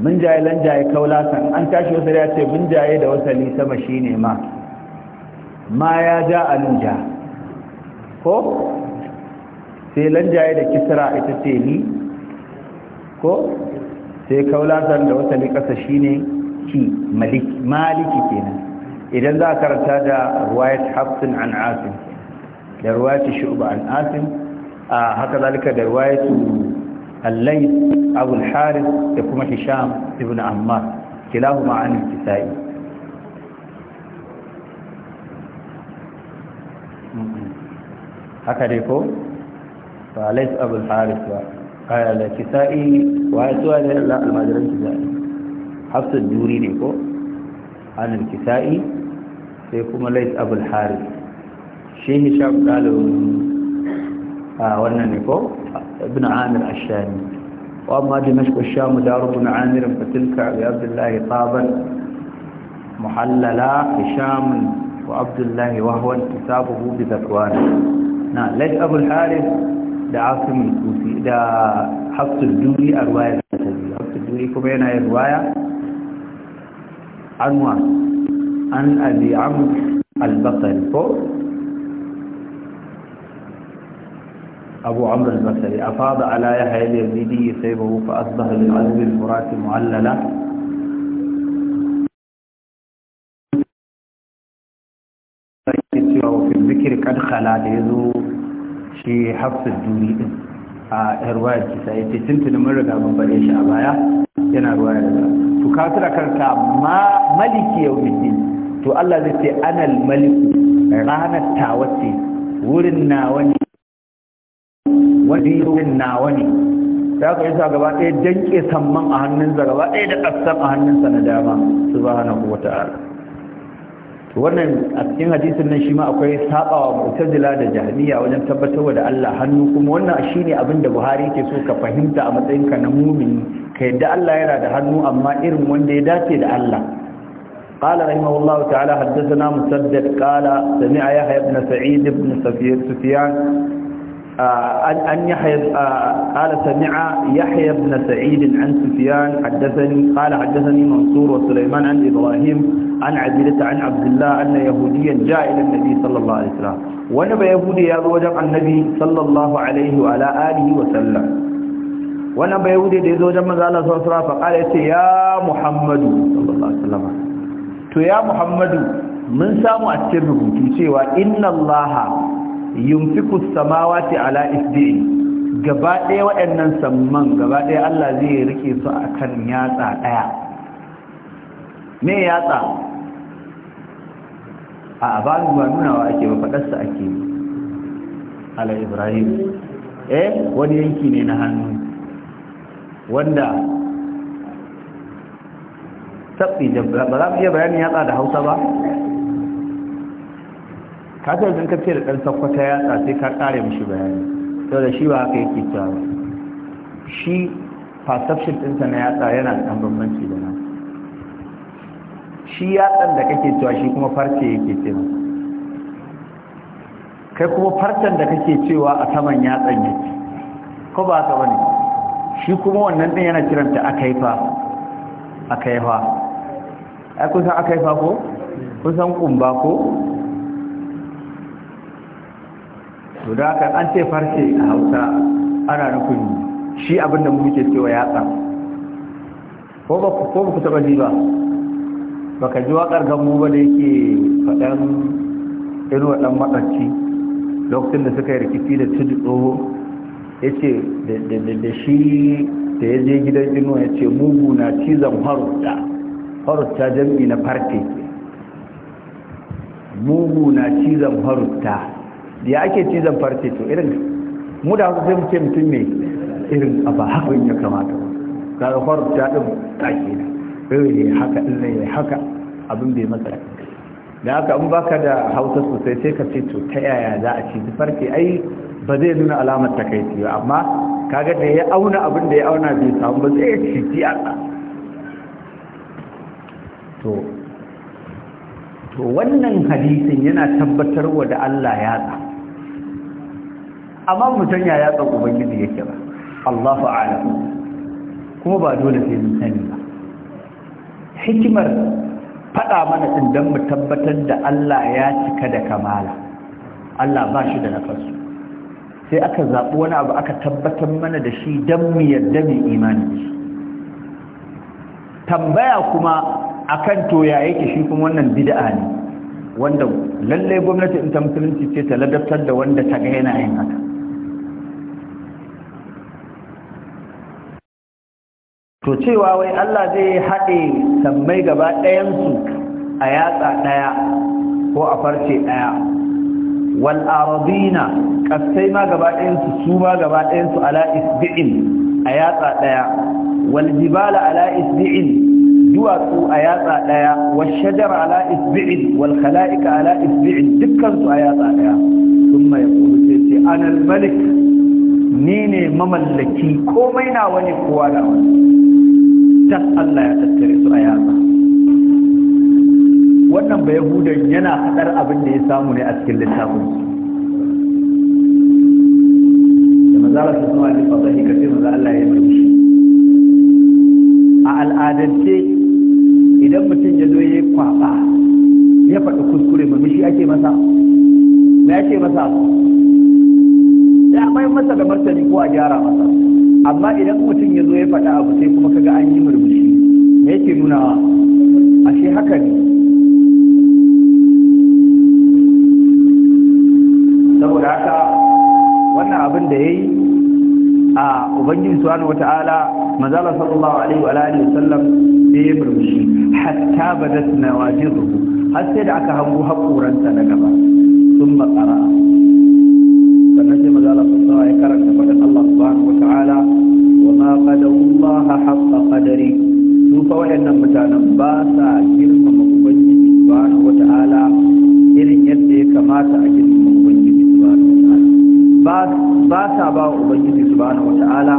mun jaye lan jaye kaulatan an tashi wasu ya ce mun jaye da wasali sama shine ma ma ya ja alun ja ko sai lan jaye da kisra ita ce ni ko sai kaulatan da ni kasa shine ki malik maliki kenan idan za karanta da ruwayat hafsin an asim da ruwayat shu'ba an asim a haka zalika da ruwayat allai abul da kuma hisham ibn ammar kilahu ma'anin kisa'i haka dai ko ba lais abul haris ba ayyala kisa'i wa ya tuwa da yalla almajiran kisa'i hafsar duri ne ko anin kisa'i sai kuma lais abul a wannan ne ko ابن عامر الشامي وأما دمشق الشام دار ابن عامر فتلك عبد الله طابا محللا هشام وعبد الله وهو كتابه بذكوان نعم ليس أبو الحارث لعاصم الكوفي ده حفظ الدوري الرواية حفظ الدوري كمينة الرواية عنوان عن أبي عمرو البطل فوق Abu عمرو البصري أفاض على يحيى اليزيدي سيفه فأصبح للعذب muallala معللا وفي الذكر da yazo shi hafsul duri din a kisa yace mun riga mun bare shi a baya yana ruwaya daga to ka tura kanka ma maliki yawmiddin to Allah zai ce malik ranar tawace wurin nawa ne madidin nawa ne da aka yasa gaba ɗaya danke samman a hannunsa gaba ɗaya da ƙasan a hannunsa na dama na wa ta'ala wannan a cikin hadisin nan shi ma akwai sabawa mu'tazila da jahmiya wajen tabbatarwa da Allah hannu kuma wannan shine abin da Buhari ke so ka fahimta a matsayinka na mumini ka yadda Allah yana da hannu amma irin wanda ya dace da Allah قال رحمه الله تعالى حدثنا مسدد قال سمع يحيى بن سعيد بن سفيان أن يحيى قال سمع يحيى بن سعيد عن سفيان حدثني قال حدثني منصور وسليمان عن إبراهيم عن عزيزة عن عبد الله أن يهوديا جاء إلى النبي صلى الله عليه وسلم ونبى يهودي يزوج عن النبي صلى الله عليه وعلى آله وسلم ونبى يهودي يزوج من الله صلى الله عليه وسلم فقال يا محمد صلى الله عليه وسلم تو يا محمد من سامو أتشربه تيشيوا إن الله yumfiku samawati ala isdi gaba ɗaya waɗannan samman gaba ɗaya Allah zai rike su akan yatsa ɗaya me yatsa a abalu ba nuna wa ake ba faɗarsa ake ala ibrahim eh wani yanki ne na hannu wanda tabbi ba za mu iya bayanin yatsa da hausa ba ka ta ka ce da ɗan sakwata yatsa sai ka ƙare mishi bayani sau da shi ba haka yake cewa shi perception ɗinsa na yatsa yana ɗan bambanci da na shi yatsan da kake cewa shi kuma farce yake ce kai kuma farcen da kake cewa a saman yatsan yake ko ba haka bane shi kuma wannan ɗin yana kiranta yi fa, ai kusan fa ko kusan kumba ko to da haka an ce farce a hausa ana nufin shi abinda mu muke cewa yatsa ko ba ku taɓa ji ba ba ka ji waƙar mu ba da yake fadan irin wadan matsarci lokacin da suka yi rikici da tudu tsoho ya ce da shi da ya je gidan inuwa ya ce mugu na cizon harutta harutta jam'i na farce mugu na cizon harutta ya ake cizon farce to irin mu da haka sai mu ce mutum mai irin a ba haka ya kamata ba ga kwar ta ɗin take na ne haka ɗin ne haka abin bai masa da haka in baka da hausa sosai sai ka ce to ta yaya za a ci farce ai ba zai nuna alamar ta kai ba amma kaga da ya auna abin da ya auna bai samu ba zai ci ci a ka? to wannan hadisin yana tabbatarwa da Allah ya tsaka amma mutum ya ya tsan ubangiji yake ba Allahu a'lam kuma ba dole sai mun sani ba hikimar faɗa mana din dan mu tabbatar da Allah ya cika da kamala Allah ba shi da nafsu sai aka zabi wani abu aka tabbatar mana da shi dan mu yarda mu imani tambaya kuma akan ya yake shi kuma wannan bid'a ne wanda lallai gwamnati in ta musulunci ce ta ladabtar da wanda ta ga yana yin haka to cewa wai Allah zai haɗe sammai gaba ɗayansu a yatsa ɗaya ko a farce ɗaya wal aradina kasai ma gaba ɗayansu su ma gaba ɗayansu ala isbi'in a yatsa ɗaya Waljibala ala isbi'in duwatsu a yatsa ɗaya wal ala isbi'in wal ala isbi'in dukkansu a yatsa ɗaya sun mai kuma sai ce anal malik ni ne mamallaki komai na wani kowa da wani tas Allah ya tattare su a yatsa wannan ba yahudan yana hadar abin da ya samu ne a cikin littafin da mazala su zuwa ne fa zahika sai maza Allah ya yi a al'adance idan mutum ya zo ya kwaba ya faɗi kuskure murmushi ake masa ya ake masa Ya mai masa da martani ko a gyara masa amma idan mutum ya zo ya faɗa abu sai kuma kaga an yi murmushi me yake a ashe haka ne saboda haka wannan abin da ya yi a ubangiji subhanahu wata'ala manzala sallallahu alaihi wa alihi wasallam sai ya murmushi hatta badat nawajidu har sai da aka hango haƙoransa na gaba wayannan mutanen ba sa girmama na wata wata'ala irin yadda ya kamata a girmama na wata wata'ala ba sa ba wa ubangiji wata wata'ala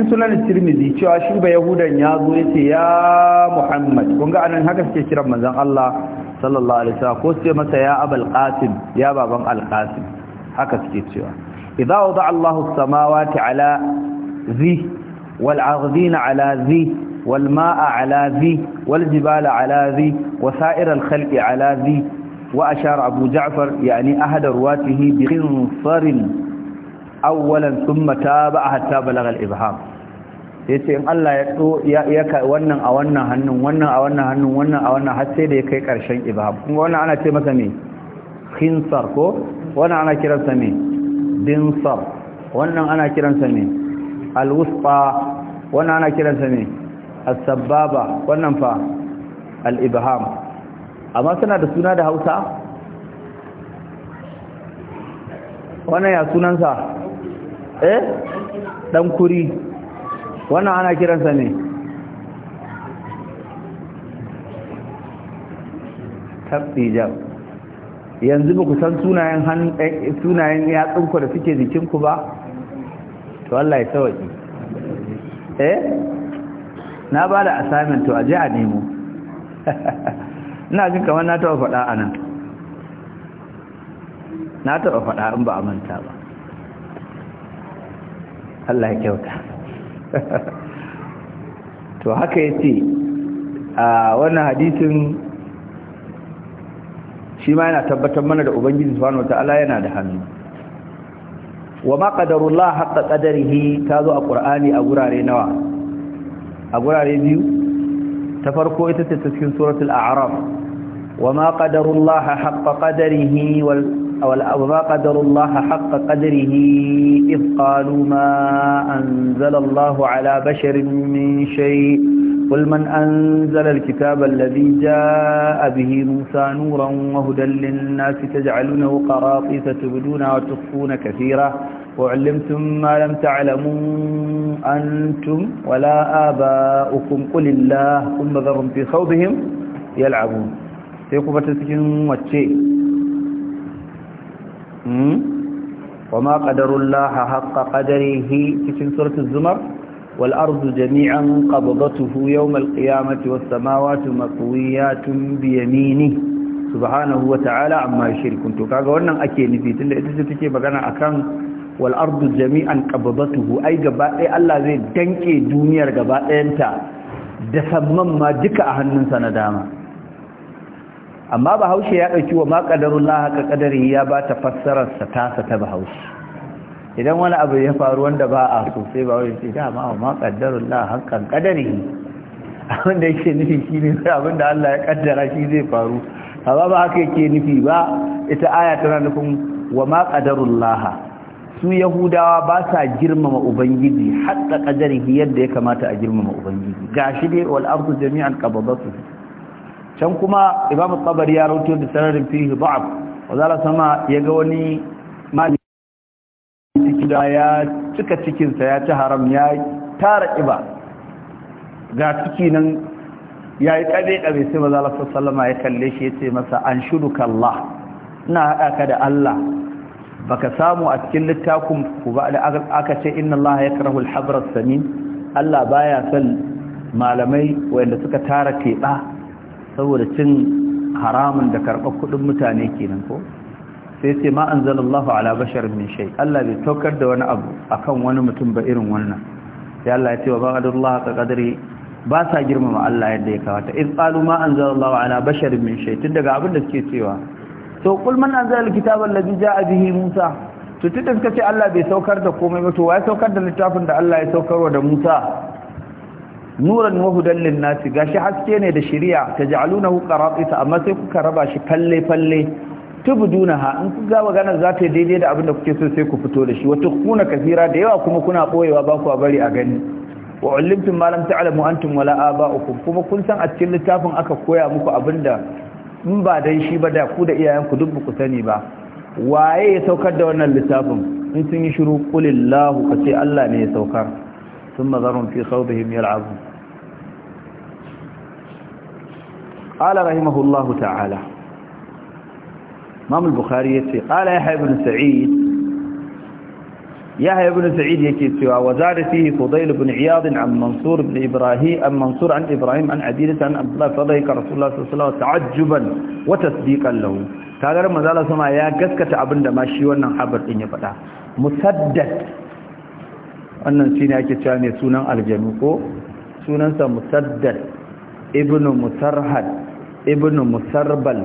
cikin sunan tirmidhi cewa shi ba yahudan ya zo yace ya muhammad kun ga anan haka suke kiran manzon Allah sallallahu alaihi wasallam ko sai masa ya abul qasim ya baban al qasim haka suke cewa idza wada Allahu samawati ala zi wal ardina ala zi wal ma'a ala zi wal jibala ala zi wa sa'ir al khalqi ala zi wa ashara abu ja'far yani ahada ruwatihi bi qinsarin awwalan ba taba hatta balagha al ibham yace in Allah ya do ya wannan a wannan hannun wannan a wannan hannun wannan a wannan har sai da ya kai karshen ibham kuma wannan ana ce masa me khinsar ko wannan ana kiransa me dinsar wannan ana kiransa me alwusfa wannan ana kiransa ne Asababa wannan fa al amma suna da suna da Hausa wannan ya sunansa eh dan kuri wannan ana kiransa ne tabbijab yanzu ba ku san sunayen eh, sunayen yatsunku da suke jikinku ba to Allah ya sauki eh na ba da assignment to aje a nemo (laughs) ina jin kamar na taɓa faɗa a nan na taɓa faɗa in ba a manta ba Allah ya kyauta to haka ya ce a wannan hadisin shi ma yana tabbatar mana da ubangiji subhanahu wataala yana da hannu wa ma qadarullah haqqa qadarihi tazo a qur'ani a gurare nawa a gurare biyu ta farko ita ce cikin suratul a'raf wa ma qadarullah haqqa qadarihi wal وما قدر الله حق قدره إذ قالوا ما أنزل الله على بشر من شيء قل من أنزل الكتاب الذي جاء به موسى نورا وهدى للناس تجعلونه قراطيس تبدون وتخفون كثيرا وعلمتم ما لم تعلموا أنتم ولا آباؤكم قل الله ثم ذرهم في خوضهم يلعبون سيقوم بتسكين والشيء Hmm? وما قدر الله حق قدره في سورة الزمر والأرض جميعا قبضته يوم القيامة والسماوات مطويات بيمينه سبحانه وتعالى عما يشركون تكاغا wannan ake nufi tunda ita ce take magana akan wal ardu jami'an qabdatuhu ai gaba Allah zai danke duniyar gaba da samman ma duka a hannunsa na dama amma bahaushe ya ɗauki wa maƙadarun ƙadarullah haka ƙadari ya ba ta fassararsa tasa ta bahaushe idan wani abu ya faru wanda ba a sosai ba wani ce dama wa maƙadarun ƙadarullah hakan ƙadari abinda yake nufi shi ne abinda Allah ya ƙaddara shi zai faru amma ba haka yake nufi ba ita aya tana nufin wa maƙadarun su yahudawa ba sa girmama ubangiji hatta ƙadari yadda ya kamata a girmama ubangiji gashi dai wal ardu jami'an qabadatuhu can kuma imamu tsabari ya rautu da sararin fihi da'af wazala sama ya ga wani maliki da ya cika cikinsa ya ci haram ya tara ƙiba ga ciki nan ya yi kade sai wazala sallama ya kalle shi ya ce masa an shudu kalla ina haɗa ka da Allah baka samu a cikin littafin ku ba da aka ce inna Allah ya karahul habar samin Allah baya son malamai wanda suka tara teɓa saboda cin haramun da karɓar kuɗin mutane kenan ko sai ce ma an anzalallahu ala bashar min shay Allah bai saukar da wani abu a kan wani mutum ba irin wannan sai Allah ya ce wa ba'adullah ka qadari ba sa girmama Allah yadda ya kawata in qalu ma an anzalallahu ala bashar min shay tun daga abin da suke cewa to kul man anzala alkitaba allazi a bihi Musa to tun da suka ce Allah bai saukar da komai ba to wai saukar da littafin da Allah ya saukarwa da Musa nuran wa hudan linnasi gashi haske ne da shari'a taj'alunahu qaratita amma sai kuka raba shi falle falle tubdunaha in ku ga magana za ta daidai da abin da kuke so sai ku fito da shi wato kuna kafira da yawa kuma kuna boyewa ba ku bari a gani wa ulimtum ma lam ta'lamu antum wala aba'ukum kuma kun san a cikin littafin aka koya muku abinda in ba dan shi ba da ku da iyayenku duk ba ku sani ba waye ya saukar da wannan littafin in sun yi shiru kulillahu kace Allah ne ya saukar ثم ذرهم في صوبهم يلعبون qala rahimahullahu ta'ala imam al-bukhari yace qala yahya ibn sa'id yahya ibn sa'id yake cewa wazada fihi fudayl ibn iyad an mansur ibn ibrahim an mansur an ibrahim an adilata an abdullah fadayka rasulullah sallallahu alaihi wasallam ta'ajjuban wa tasdiqan lahu kagar manzala sama ya gaskata abin da shi wannan habar din ya faɗa musaddad wannan shine ake cewa mai sunan aljanu ko sunansa musaddad ibnu musarhad ibn musarbal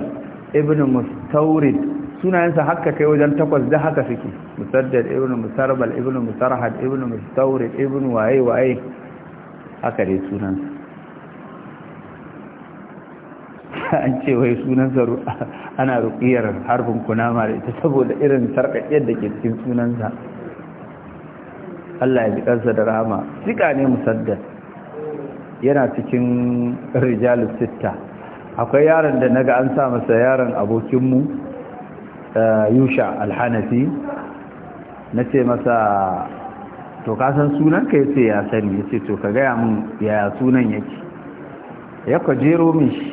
ibn mustaurid sunayensa haka kai wajen takwas da haka suke musaddad ibn musarbal ibn musarhad ibn mustaurid ibn waye waye haka dai sunansa (laughs) an ce wai sunan zaru (laughs) ana rukiyar harfin kunama da ita saboda irin sarƙaƙiyar da ke cikin sunansa Allah ya ji ƙarsa da rahama sika ne musaddad yana cikin rijalus sitta akwai yaron da naga an sa masa yaron abokinmu eh, yusha alhanafi na ce masa to kasan sunan ka yace ya sani yace to ka gaya mun yaya sunan yake ya kwajero min shi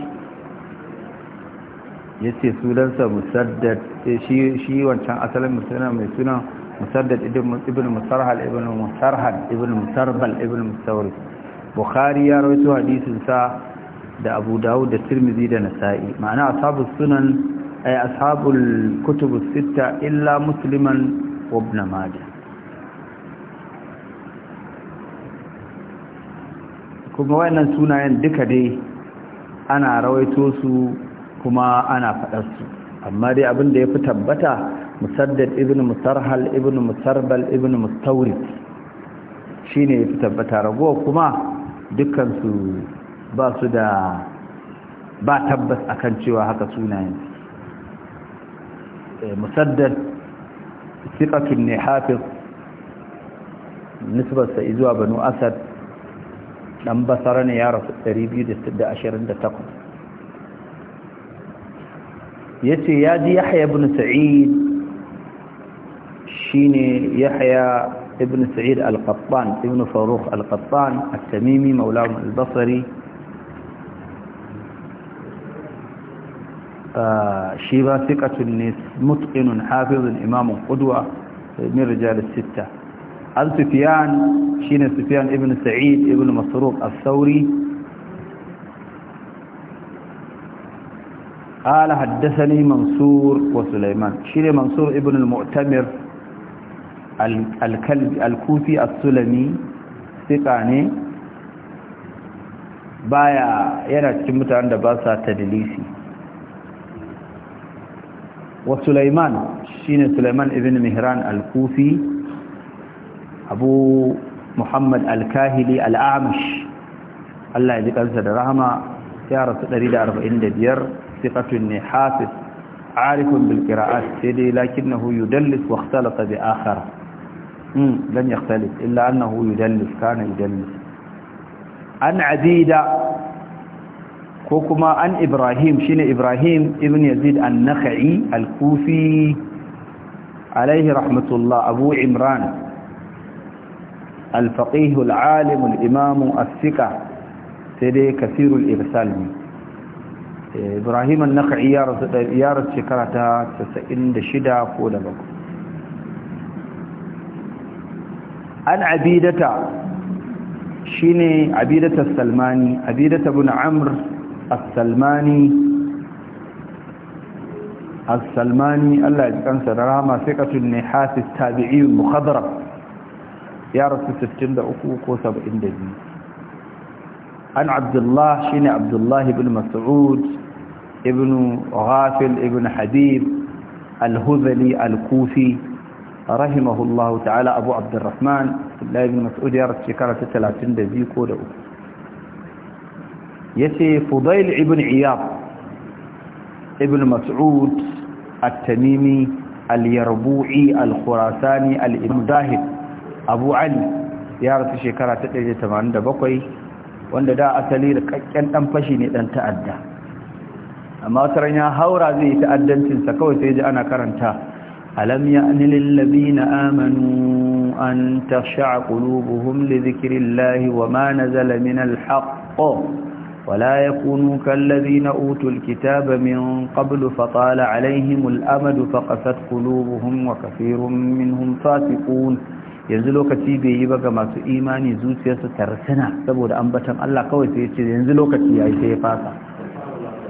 yace sunansa musaddad eh, shi shi wancan asalin musulman mai suna musaddad ibn musarhal ibn musarhal ibn musarbal ibn musawri bukhari ya rawaito hadisin sa da abu dawud da tirmizi da nasa'i ma'ana ashabu sunan ay ashabul kutubu sita illa musliman wa ibn majah kuma wannan sunayen duka dai ana rawaito su kuma ana faɗar su amma dai abin da ya fi tabbata musaddad ibn musarhal ibn musarbal ibn mustawrid shine ya fi tabbata ragowa kuma dukkan su ba su da ba tabbas akan cewa haka sunayen musaddad sifatun ne hafiz nisbarsa izuwa banu asad dan basara ne ya rasu 228 ya ce ya ji yahya ibn sa'id shine yahya ibn sa'id al-qattan ibn faruk al-qattan at-tamimi maulahum al-basri shi ba siƙatun ne mutsinun hafizun imamun ƙudwa min rijalis sitta an sufiyan shi ne sufiyan ibn sa'id ibn masruq al-sauri قال حدثني منصور وسليمان شيري منصور ابن المعتمر الكلب الكوفي السلمي ثقاني baya yana cikin mutanen da ba sa tadlisi وسليمان شين سليمان ابن مهران الكوفي أبو محمد الكاهلي الأعمش الله يجيك أنسى رحمة رسول تريد أربعين دير ثقة حافظ عارف بالقراءات سيدي لكنه يدلس واختلط بآخر مم. لم يختلط إلا أنه يدلس كان يدلس عن عبيدة ko kuma an ibrahim shine ibrahim ibn yazid an-nakhai al-kufi alaihi rahmatullah abu imran al-faqih al-alim al-imam as-sika sai dai kasirul irsal eh, ibrahim an-nakhai ya rasu ya rasu shekara ta 96 ko da bakwai an abidata shine abidata salmani abidata ibn amr asalmani salmani salmani Allah ya kansa da rahama sai ka ne hasis tabi'i mukhadram ya rasu 63 ko 72 an abdullah shine abdullah ibn mas'ud ibn ghafil ibn habib al-huzali al-kufi rahimahullahu ta'ala abu abdurrahman ibn mas'ud ya rasu shekara 32 ko da 3 yace fudail ibn iyab ibn mas'ud at-tamimi al-yarbu'i al-khurasani al abu ali ya rasu shekara ta 187 wanda da asali da rikakken dan fashi ne dan ta'adda amma wataran ya haura zai yi ta'addancin sa kawai sai ji ana karanta alam ya'ni lil ladina amanu an tasha'a qulubuhum li dhikrillahi wa ma nazala min al-haqq ولا يكونوا كالذين أوتوا الكتاب من قبل فطال عليهم الأمد فقست قلوبهم وكثير منهم فاسقون yanzu lokaci bai yi ba ga masu imani zuciyarsu tarsana saboda ambatan Allah kawai sai ce yanzu lokaci yayi sai ya fasa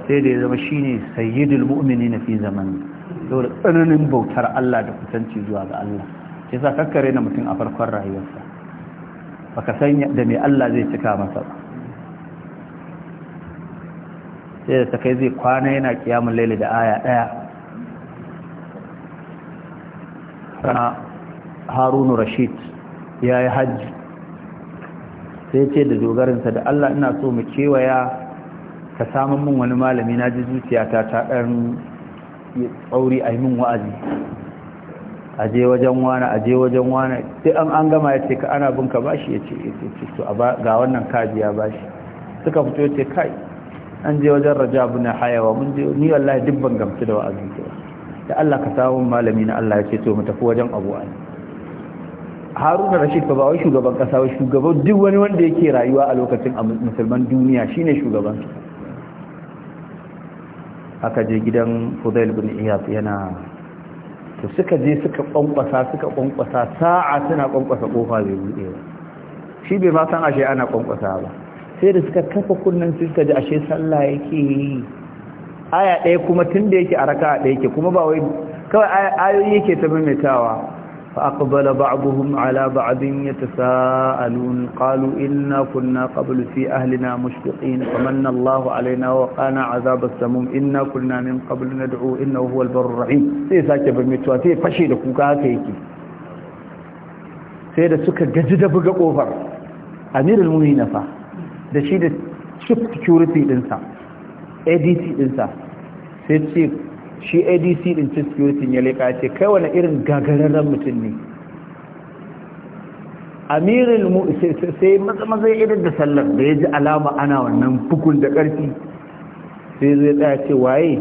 sai da ya zama shine sayyidul mu'minina fi zamani saboda tsananin bautar Allah da kusanci zuwa ga Allah sa kakkare na mutum a farkon rayuwarsa baka san da me Allah zai cika masa ba sai da ta zai kwana yana kiyamun laili da aya ɗaya sana harunu rashid ya yi hajji sai ce da dogarinsa da allah ina so mu kewaya ka samun min wani malami na ji zuciyata ta ɗan tsauri a yi min wa'azi A je wajen wani je wajen wani sai an an gama ya ce ka ana bin ka bashi ya ce ga wannan kaji ya bashi suka fito ya ce kai an je wajen raja abu na hayawa mun je ni wallahi duk ban gamsu da wa'azin ba da Allah ka samu malami na Allah ya ce to mu tafi wajen Abu Ali Haruna Rashid ba wai shugaban kasa ba shugaban duk wani wanda yake rayuwa a lokacin musulman duniya shine shugaban aka je gidan Fudail bin Iyad yana to suka je suka kwankwasa suka kwankwasa sa'a suna kwankwasa kofa bai bude ba shi bai ma san ashe ana kwankwasa ba sai da suka kafa kunnan sun ka ji ashe sallah yake aya ɗaya kuma tun da yake a kuma ba wai kawai ayoyi yake ta mimitawa fa aka ba abuhun ala ba abin ya ta sa'alun kalu inna kunna kabulu fi ahlina mushkiƙin kamar na allahu alaina wa kana azabar samun inna kunna min kabulu na da'u ina huwal barin rahim sai sake mimitawa sai ya fashe da kuka haka yake sai da suka gaji da buga kofar amirul muhi na fa da shi da chief security dinsa adc dinsa sai ce shi adc din chief security ya leka ce kai wani irin gagararren mutum ne amirul mu sai maza maza ya idar da sallar da ya ji alama ana wannan bukun da ƙarfi sai zai tsaya ce waye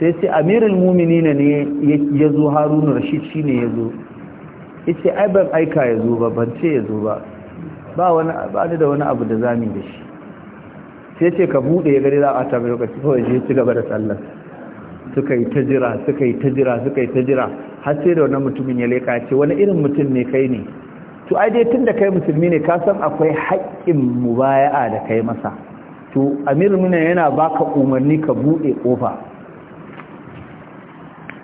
sai ce amirul na ne ya zo haruna rashid ne ya zo Ya ai ban aika ya zo ba ban ce ya zo ba ba wani ba ni da wani abu da zamu da shi sai ce ka bude ya gari za a ta lokaci ko je ci gaba da sallar suka yi ta jira suka yi ta jira suka yi ta jira har sai da wani mutumin ya leka ce wani irin mutum ne kai ne to ai dai tunda kai musulmi ne ka san akwai haƙƙin mubaya'a da kai masa to amir muna yana baka umarni ka bude kofa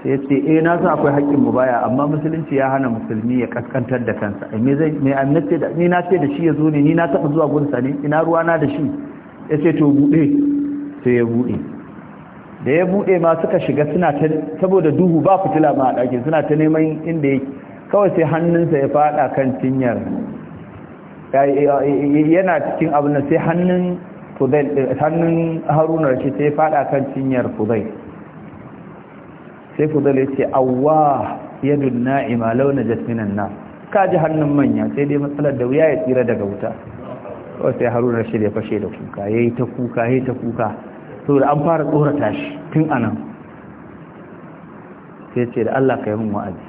sai ce eh na sa akwai haƙƙin mu baya amma musulunci ya hana musulmi ya kaskantar da kansa eh, me zai me annace da ni na ce da shi ya zo ne ni na taɓa zuwa gunsa ne ina ruwa na da shi yace to bude sai ya bude da ya bude ma suka shiga suna ta saboda duhu ba fitila ma a dake suna ta neman inda yake kawai sai hannunsa ya fada kan tinyar yana cikin abin sai hannun fudai eh, hannun haruna shi sai ya fada kan cinyar fudai sai fudal ya ce awwa yadun na'ima launa jasminan na ka ji hannun manya sai dai matsalar da wuya ya tsira daga wuta kawai sai haruna shi ya fashe da kuka ya yi ta kuka ya yi ta kuka saboda an fara tsorata shi tun anan sai ce da allah ka yi min wa'azi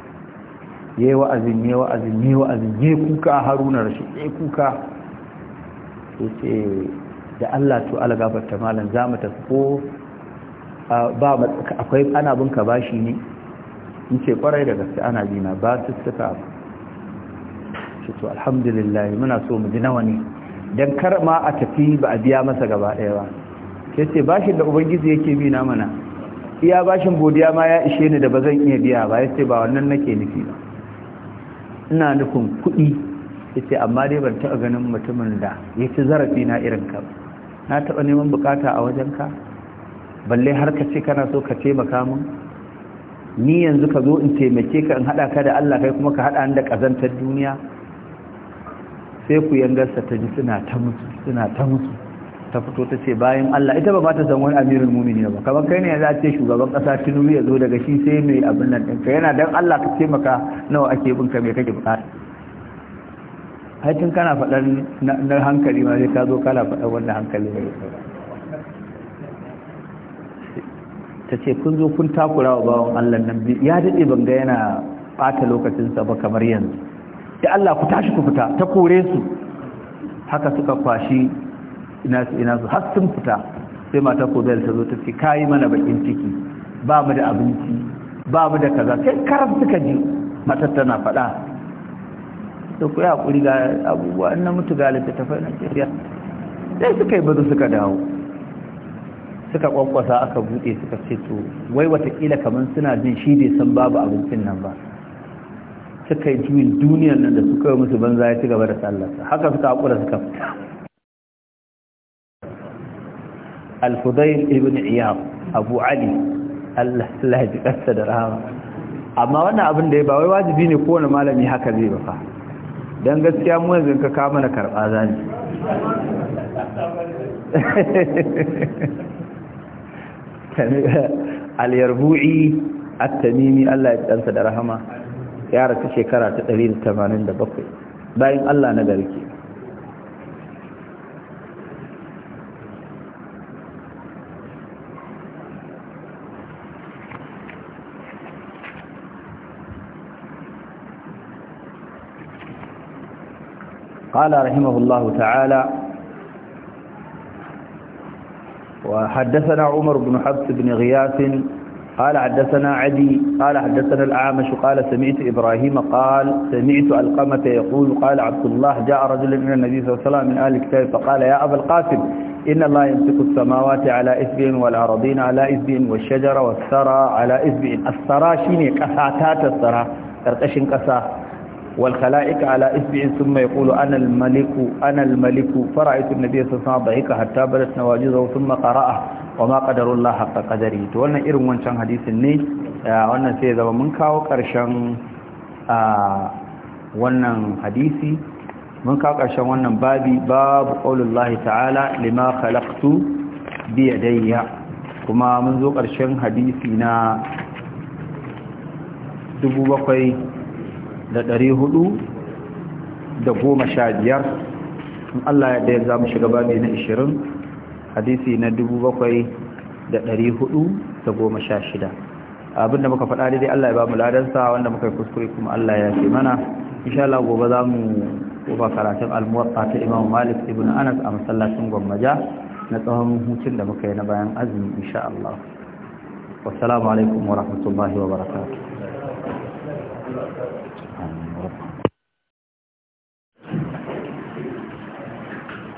ya yi wa'azin ya wa'azin ya wa'azin ya kuka haruna rashi ya kuka sai ce da allah to ala gafarta malam za mu tafi ko ba akwai ana bin ka bashi ne in ce kwarai da gaske ana bina ba su suka shi to alhamdulillah muna so mu ji nawa ne dan kar ma a tafi ba a biya masa gaba daya ba ke ce bashin da ubangiji yake bina mana iya bashin godiya ma ya ishe ni da ba zan iya biya ba ya ba wannan nake nufi ba ina nufin kuɗi ya amma dai ban taɓa ganin mutumin da ya zarafi na irin ka na taɓa neman bukata a wajen ka balle har ka ce kana so ka taimaka min ni yanzu ka zo in taimake ka in haɗa ka da Allah kai kuma ka haɗa da ƙazantar duniya sai ku yangarsa ta ji suna ta mutu suna ta mutu ta fito ta ce bayan Allah ita ba ba ta san wani amirin mumini ba kamar kai ne ya ce shugaban ƙasa tinubu ya zo daga shi sai mai abin nan ɗinka yana dan Allah ka taimaka nawa ake bin ka mai kake buƙata haitin kana faɗar na hankali ma zai ka zo kana faɗar wannan hankali ne ta ce kun zo kun takura wa bawan Allah nan ya daɗe ban ga yana ɓata lokacinsa ba kamar yanzu Ya Allah ku tashi ku fita ta kore su haka suka kwashi ina su ina su har sun fita sai mata kobel ta zo ta ce kayi mana bakin ciki ba mu da abinci ba mu da kaza sai karam suka ji matar tana faɗa to ku ya kuri ga abubuwa na mutu ga littattafai na ya sai suka yi bazu suka dawo suka kwakwasa aka bude suka ce to wai watakila kamar suna jin shi bai san babu abincin nan ba suka yi juyin duniyar nan da suka yi musu banza ya ci gaba da sallarsa haka suka haƙura suka fita al-fudayl ibn iyam abu ali allah allah ji ƙasa da rahama amma wannan abin da ya ba wai wajibi ne kowane malami haka zai ba fa don gaskiya mu yanzu ka kama mana karɓa zani (laughs) (laughs) al-yarbu'i at-tamimi Allah ya tsansa da rahama ya rasu shekara ta 187 bayan Allah na garke قال رحمه الله تعالى وحدثنا عمر بن حفص بن غياث قال حدثنا عدي قال حدثنا الأعمش قال سمعت إبراهيم قال سمعت القمة يقول قال عبد الله جاء رجل من النبي صلى الله عليه وسلم من أهل الكتاب فقال يا أبا القاسم إن الله يمسك السماوات على إثب والأرضين على إثب والشجر والثرى على إثب الثرى شيني قساتات الثرى كرتشن كسا والخلائق على اسبع ثم يقول انا الملك انا الملك فرأيت النبي صلى الله عليه وسلم ضحك حتى بدت نواجذه ثم قرأه وما قدر الله حق قدره تو wannan irin wancan hadisin ne wannan sai zama mun kawo karshen wannan hadisi mun kawo karshen wannan babi babu qaulullahi ta'ala lima khalaqtu bi yadayya kuma mun zo karshen hadisi na 7700 da ɗari hudu da goma sha biyar in Allah ya daya za mu shiga babi na ishirin hadisi na dubu bakwai da ɗari hudu da goma sha shida abinda muka faɗa daidai Allah ya ba mu ladansa wanda muka yi kuskure kuma Allah ya fi mana insha Allah gobe za mu kuma karatun almuwatta ta Imam Malik ibn Anas a masallacin Gwammaja na tsawon hutun da muka yi na bayan azumi insha Allah salamu alaikum wa rahmatullahi wa barakatuh